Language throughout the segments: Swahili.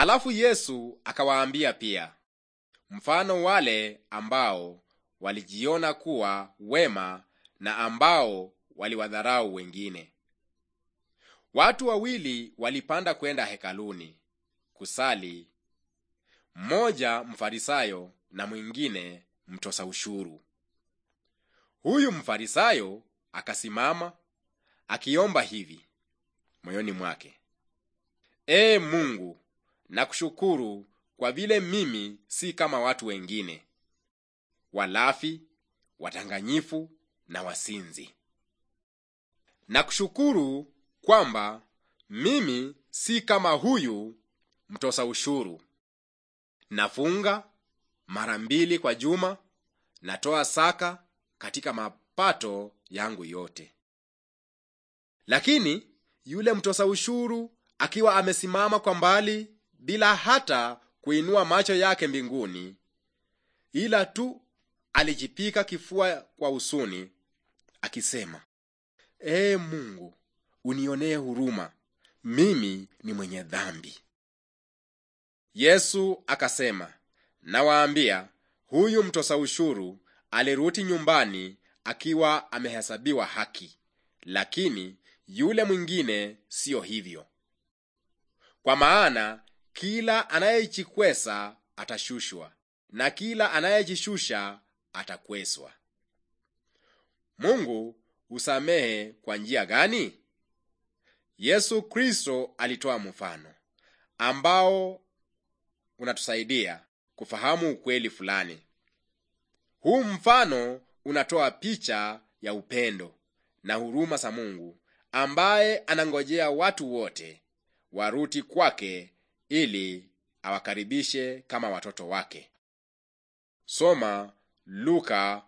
Halafu Yesu akawaambia pia mfano wale ambao walijiona kuwa wema na ambao waliwadharau wengine. Watu wawili walipanda kwenda hekaluni kusali, mmoja mfarisayo na mwingine mtosa ushuru. Huyu mfarisayo akasimama akiomba hivi moyoni mwake, Ee Mungu, na kushukuru kwa vile mimi si kama watu wengine, walafi, wadanganyifu na wasinzi. Na kushukuru kwamba mimi si kama huyu mtosa ushuru. Nafunga mara mbili kwa juma, natoa saka katika mapato yangu yote. Lakini yule mtosa ushuru akiwa amesimama kwa mbali bila hata kuinua macho yake mbinguni, ila tu alijipika kifua kwa usuni akisema, Ee Mungu, unionee huruma, mimi ni mwenye dhambi. Yesu akasema, nawaambia, huyu mtosa ushuru alirudi nyumbani akiwa amehesabiwa haki, lakini yule mwingine siyo hivyo. Kwa maana kila anayejikwesa atashushwa, na kila anayejishusha atakweswa. Mungu husamehe kwa njia gani? Yesu Kristo alitoa mfano ambao unatusaidia kufahamu ukweli fulani. Huu mfano unatoa picha ya upendo na huruma za Mungu ambaye anangojea watu wote waruti kwake ili awakaribishe kama watoto wake. Soma Luka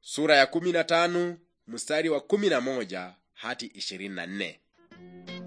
sura ya 15 mstari wa 11 hati 24.